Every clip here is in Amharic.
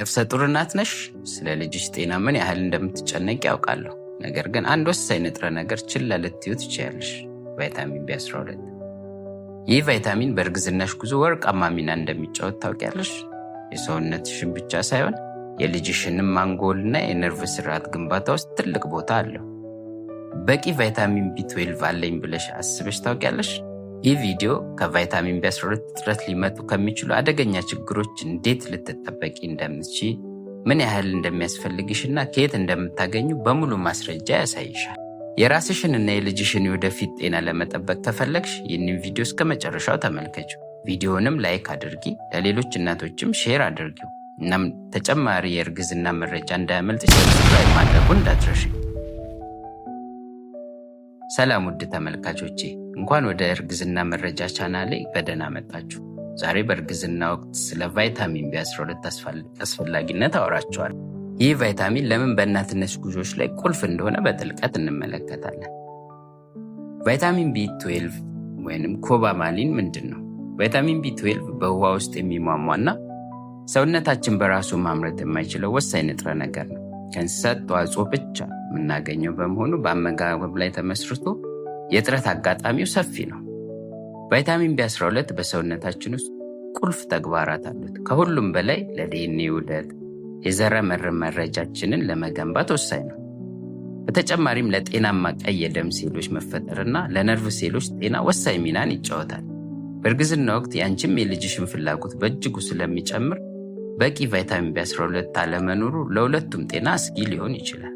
ነፍሰ ጡር እናት ነሽ። ስለ ልጅሽ ጤና ምን ያህል እንደምትጨነቅ ያውቃለሁ። ነገር ግን አንድ ወሳኝ ንጥረ ነገር ችላ ልትዩ ትችያለሽ፣ ቫይታሚን ቢ12። ይህ ቫይታሚን በእርግዝናሽ ጉዞ ወርቃማ ሚና እንደሚጫወት ታውቂያለሽ። የሰውነትሽን ብቻ ሳይሆን የልጅሽንም ማንጎልና የነርቭ ስርዓት ግንባታ ውስጥ ትልቅ ቦታ አለው። በቂ ቫይታሚን ቢ12 አለኝ ብለሽ አስበሽ ታውቂያለሽ? ይህ ቪዲዮ ከቫይታሚን ቢ12 እጥረት ሊመጡ ከሚችሉ አደገኛ ችግሮች እንዴት ልትጠበቂ እንደምትች ምን ያህል እንደሚያስፈልግሽና ከየት እንደምታገኙ በሙሉ ማስረጃ ያሳይሻል። የራስሽን እና የልጅሽን የወደፊት ጤና ለመጠበቅ ከፈለግሽ ይህንን ቪዲዮ እስከ መጨረሻው ተመልከች። ቪዲዮንም ላይክ አድርጊ፣ ለሌሎች እናቶችም ሼር አድርጊው። እናም ተጨማሪ የእርግዝና መረጃ እንዳያመልጥ ሰብስክራይብ ማድረጉ እንዳትረሽ። ሰላም ውድ ተመልካቾቼ እንኳን ወደ እርግዝና መረጃ ቻናሌ በደና መጣችሁ። ዛሬ በእርግዝና ወቅት ስለ ቫይታሚን ቢ12 አስፈላጊነት አወራቸዋል። ይህ ቫይታሚን ለምን በእናትነት ጉዞዎች ላይ ቁልፍ እንደሆነ በጥልቀት እንመለከታለን። ቫይታሚን ቢ12 ወይም ኮባማሊን ምንድን ነው? ቫይታሚን ቢ12 በውሃ ውስጥ የሚሟሟና ሰውነታችን በራሱ ማምረት የማይችለው ወሳኝ ንጥረ ነገር ነው። ከእንስሳት ተዋጽኦ ብቻ የምናገኘው በመሆኑ በአመጋገብ ላይ ተመስርቶ የጥረት አጋጣሚው ሰፊ ነው። ቫይታሚን ቢ12 በሰውነታችን ውስጥ ቁልፍ ተግባራት አሉት። ከሁሉም በላይ ለዲኤንኤ ውህደት የዘረ መር መረጃችንን ለመገንባት ወሳኝ ነው። በተጨማሪም ለጤናማ ቀይ የደም ሴሎች መፈጠርና ለነርቭ ሴሎች ጤና ወሳኝ ሚናን ይጫወታል። በእርግዝና ወቅት የአንቺም የልጅሽን ፍላጎት በእጅጉ ስለሚጨምር በቂ ቫይታሚን ቢ12 አለመኖሩ ለሁለቱም ጤና አስጊ ሊሆን ይችላል።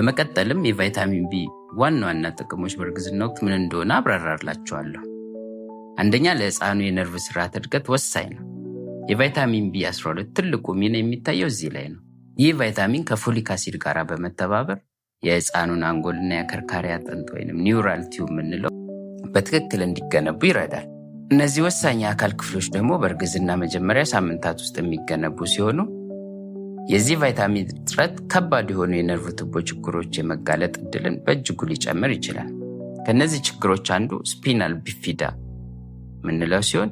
በመቀጠልም የቫይታሚን ቢ ዋና ዋና ጥቅሞች በእርግዝና ወቅት ምን እንደሆነ አብራራላቸዋለሁ አንደኛ ለህፃኑ የነርቭ ስርዓት እድገት ወሳኝ ነው። የቫይታሚን ቢ12 ትልቁ ሚና የሚታየው እዚህ ላይ ነው። ይህ ቫይታሚን ከፎሊክ አሲድ ጋር በመተባበር የህፃኑን አንጎልና የአከርካሪ አጥንት ወይም ኒውራል ቲዩ የምንለው በትክክል እንዲገነቡ ይረዳል። እነዚህ ወሳኝ የአካል ክፍሎች ደግሞ በእርግዝና መጀመሪያ ሳምንታት ውስጥ የሚገነቡ ሲሆኑ የዚህ ቫይታሚን እጥረት ከባድ የሆኑ የነርቭ ትቦ ችግሮች የመጋለጥ እድልን በእጅጉ ሊጨምር ይችላል። ከእነዚህ ችግሮች አንዱ ስፒናል ቢፊዳ የምንለው ሲሆን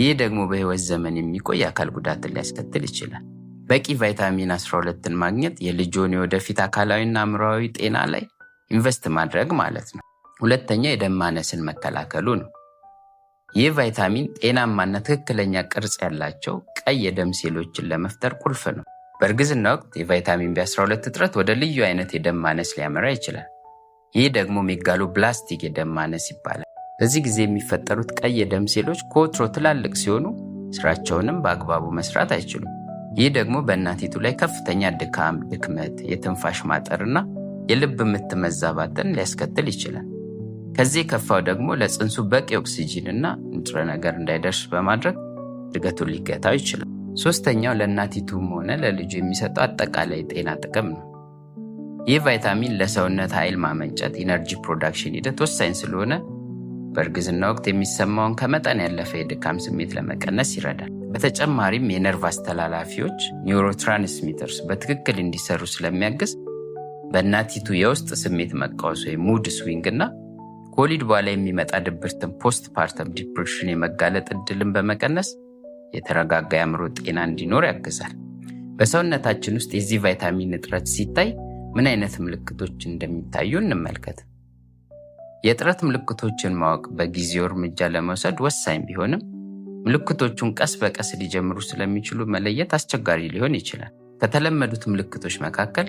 ይህ ደግሞ በህይወት ዘመን የሚቆይ አካል ጉዳትን ሊያስከትል ይችላል። በቂ ቫይታሚን 12ን ማግኘት የልጆን የወደፊት አካላዊና አእምሮአዊ ጤና ላይ ኢንቨስት ማድረግ ማለት ነው። ሁለተኛ የደማነስን መከላከሉ ነው። ይህ ቫይታሚን ጤናማና ትክክለኛ ቅርጽ ያላቸው ቀይ የደም ሴሎችን ለመፍጠር ቁልፍ ነው። በእርግዝና ወቅት የቫይታሚን ቢ12 እጥረት ወደ ልዩ አይነት የደም ማነስ ሊያመራ ይችላል። ይህ ደግሞ ብላስቲክ የደም ማነስ ይባላል። በዚህ ጊዜ የሚፈጠሩት ቀይ የደም ሴሎች ከወትሮ ትላልቅ ሲሆኑ ስራቸውንም በአግባቡ መስራት አይችሉም። ይህ ደግሞ በእናቲቱ ላይ ከፍተኛ ድካም፣ ድክመት፣ የትንፋሽ ማጠርና የልብ ምት መዛባትን ሊያስከትል ይችላል። ከዚህ የከፋው ደግሞ ለጽንሱ በቂ ኦክሲጂን እና ንጥረ ነገር እንዳይደርስ በማድረግ እድገቱን ሊገታው ይችላል። ሶስተኛው ለእናቲቱም ሆነ ለልጁ የሚሰጠው አጠቃላይ ጤና ጥቅም ነው። ይህ ቫይታሚን ለሰውነት ኃይል ማመንጨት ኢነርጂ ፕሮዳክሽን ሂደት ወሳኝ ስለሆነ በእርግዝና ወቅት የሚሰማውን ከመጠን ያለፈ የድካም ስሜት ለመቀነስ ይረዳል። በተጨማሪም የነርቭ አስተላላፊዎች ኒውሮትራንስሚተርስ በትክክል እንዲሰሩ ስለሚያግዝ በእናቲቱ የውስጥ ስሜት መቃወስ ወይም ሙድ ስዊንግ እና ኮሊድ በኋላ የሚመጣ ድብርትን ፖስት ፓርተም ዲፕሬሽን የመጋለጥ እድልን በመቀነስ የተረጋጋ የአእምሮ ጤና እንዲኖር ያግዛል። በሰውነታችን ውስጥ የዚህ ቫይታሚን እጥረት ሲታይ ምን አይነት ምልክቶች እንደሚታዩ እንመልከት። የጥረት ምልክቶችን ማወቅ በጊዜው እርምጃ ለመውሰድ ወሳኝ ቢሆንም ምልክቶቹን ቀስ በቀስ ሊጀምሩ ስለሚችሉ መለየት አስቸጋሪ ሊሆን ይችላል። ከተለመዱት ምልክቶች መካከል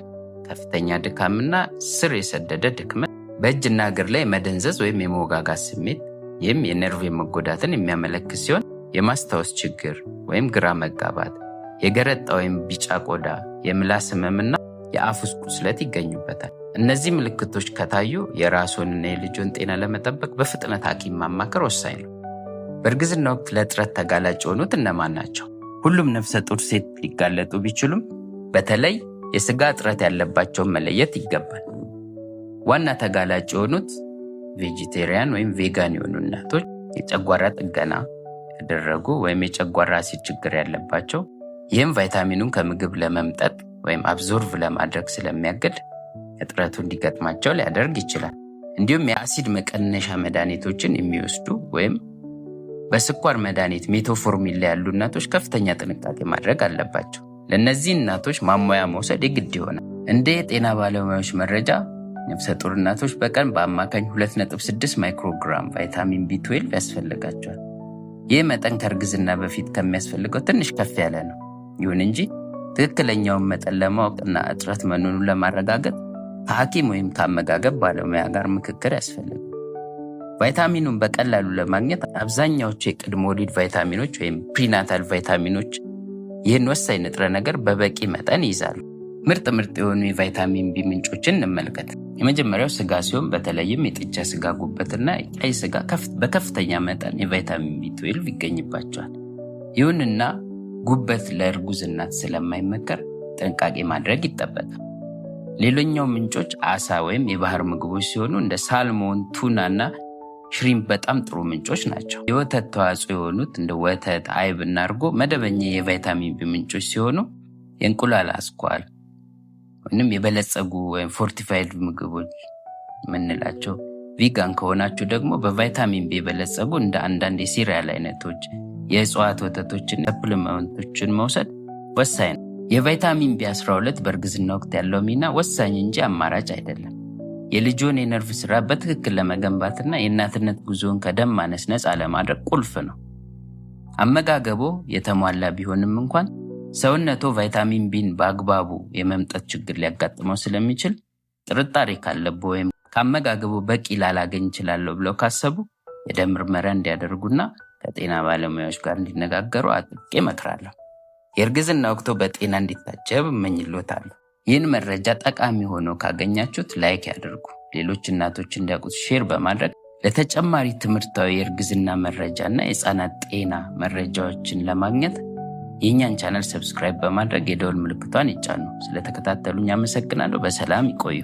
ከፍተኛ ድካምና ስር የሰደደ ድክመት፣ በእጅና እግር ላይ መደንዘዝ ወይም የመወጋጋት ስሜት፣ ይህም የነርቭ መጎዳትን የሚያመለክት ሲሆን የማስታወስ ችግር ወይም ግራ መጋባት፣ የገረጣ ወይም ቢጫ ቆዳ፣ የምላስ ህመምና የአፍ ውስጥ ቁስለት ይገኙበታል። እነዚህ ምልክቶች ከታዩ የራስዎንና የልጆን ጤና ለመጠበቅ በፍጥነት ሐኪም ማማከር ወሳኝ ነው። በእርግዝና ወቅት ለጥረት ተጋላጭ የሆኑት እነማን ናቸው? ሁሉም ነፍሰ ጡር ሴት ሊጋለጡ ቢችሉም በተለይ የስጋ እጥረት ያለባቸውን መለየት ይገባል። ዋና ተጋላጭ የሆኑት ቬጂቴሪያን ወይም ቬጋን የሆኑ እናቶች፣ የጨጓራ ጥገና የተደረጉ ወይም የጨጓራ አሲድ ችግር ያለባቸው ይህም ቫይታሚኑን ከምግብ ለመምጠጥ ወይም አብዞርቭ ለማድረግ ስለሚያገድ እጥረቱ እንዲገጥማቸው ሊያደርግ ይችላል። እንዲሁም የአሲድ መቀነሻ መድኃኒቶችን የሚወስዱ ወይም በስኳር መድኃኒት ሜቶፎርሚል ያሉ እናቶች ከፍተኛ ጥንቃቄ ማድረግ አለባቸው። ለእነዚህ እናቶች ማሟያ መውሰድ የግድ ይሆናል። እንደ የጤና ባለሙያዎች መረጃ ነፍሰ ጡር እናቶች በቀን በአማካኝ 2.6 ማይክሮግራም ቫይታሚን ቢ12 ያስፈልጋቸዋል። ይህ መጠን ከእርግዝና በፊት ከሚያስፈልገው ትንሽ ከፍ ያለ ነው። ይሁን እንጂ ትክክለኛውን መጠን ለማወቅና እጥረት መኖኑን ለማረጋገጥ ከሐኪም ወይም ከአመጋገብ ባለሙያ ጋር ምክክር ያስፈልግ። ቫይታሚኑን በቀላሉ ለማግኘት አብዛኛዎቹ የቅድመ ወሊድ ቫይታሚኖች ወይም ፕሪናታል ቫይታሚኖች ይህን ወሳኝ ንጥረ ነገር በበቂ መጠን ይይዛሉ። ምርጥ ምርጥ የሆኑ የቫይታሚን ቢ ምንጮችን እንመልከት። የመጀመሪያው ስጋ ሲሆን በተለይም የጥጃ ስጋ፣ ጉበትና ቀይ ስጋ በከፍተኛ መጠን የቫይታሚን ቢ ይገኝባቸዋል። ይሁንና ጉበት ለእርጉዝ እናት ስለማይመከር ጥንቃቄ ማድረግ ይጠበቃል። ሌሎኛው ምንጮች አሳ ወይም የባህር ምግቦች ሲሆኑ እንደ ሳልሞን፣ ቱና እና ሽሪም በጣም ጥሩ ምንጮች ናቸው። የወተት ተዋጽኦ የሆኑት እንደ ወተት፣ አይብ እና እርጎ መደበኛ የቫይታሚን ቢ ምንጮች ሲሆኑ የእንቁላል አስኳል ወይም የበለጸጉ ወይም ፎርቲፋይድ ምግቦች የምንላቸው። ቪጋን ከሆናችሁ ደግሞ በቫይታሚን ቢ የበለጸጉ እንደ አንዳንድ የሲሪያል አይነቶች፣ የእጽዋት ወተቶችን፣ ሰፕልመንቶችን መውሰድ ወሳኝ ነው። የቫይታሚን ቢ12 በእርግዝና ወቅት ያለው ሚና ወሳኝ እንጂ አማራጭ አይደለም። የልጆን የነርቭ ስራ በትክክል ለመገንባትና የእናትነት ጉዞውን ከደም ማነስ አለማድረግ ለማድረግ ቁልፍ ነው። አመጋገቦ የተሟላ ቢሆንም እንኳን ሰውነቱ ቫይታሚን ቢን በአግባቡ የመምጠት ችግር ሊያጋጥመው ስለሚችል ጥርጣሬ ካለቦ ወይም ከአመጋገቡ በቂ ላላገኝ ይችላለሁ ብለው ካሰቡ የደም ምርመራ እንዲያደርጉና ከጤና ባለሙያዎች ጋር እንዲነጋገሩ አጥብቄ እመክራለሁ። የእርግዝና ወቅቶ በጤና እንዲታጀብ እመኝሎታለሁ። ይህን መረጃ ጠቃሚ ሆኖ ካገኛችሁት ላይክ ያደርጉ፣ ሌሎች እናቶች እንዲያውቁት ሼር በማድረግ ለተጨማሪ ትምህርታዊ የእርግዝና መረጃ እና ጤና መረጃዎችን ለማግኘት የእኛን ቻናል ሰብስክራይብ በማድረግ የደወል ምልክቷን ይጫኑ። ስለተከታተሉኝ አመሰግናለሁ። በሰላም ይቆዩ።